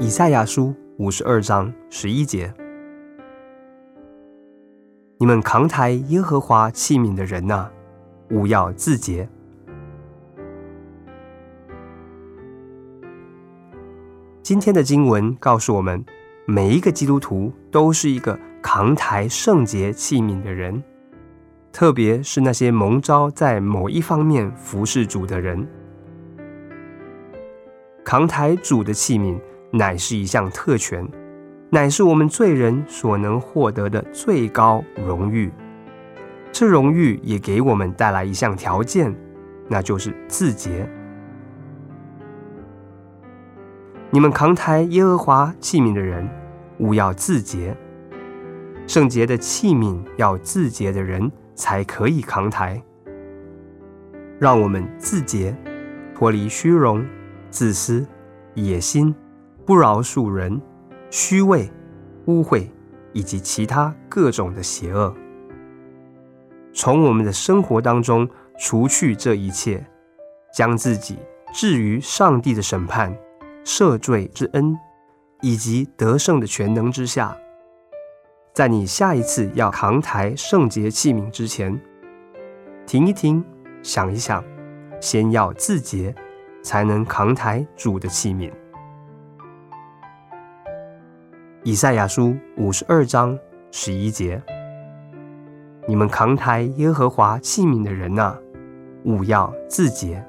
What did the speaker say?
以賽亞書五十二章十一節：“你們扛抬耶和華器皿的人吶、啊，勿要自潔。今天的經文告訴我們，每一個基督徒都是一個扛抬聖潔器皿的人，特別是那些蒙召在某一方面服侍主的人，扛抬主的器皿。乃是一項特權，乃是我們罪人所能獲得的最高榮譽。這榮譽也給我們帶來一項條件，那就是自潔。你們扛抬耶和華器皿的人，務要自潔；聖潔的器皿要自潔的人才可以扛抬。讓我們自潔，脫離虛榮、自私、野心。不饒恕人、虛偽、污穢以及其他各種的邪惡，從我們的生活當中除去這一切，將自己置於上帝的審判、赦罪之恩以及得勝的全能之下。在你下一次要扛抬聖潔器皿之前，停一停，想一想，先要自潔，才能扛抬主的器皿。以賽亞書五十二章十一節：你們扛抬耶和華器皿的人吶、啊，務要自潔。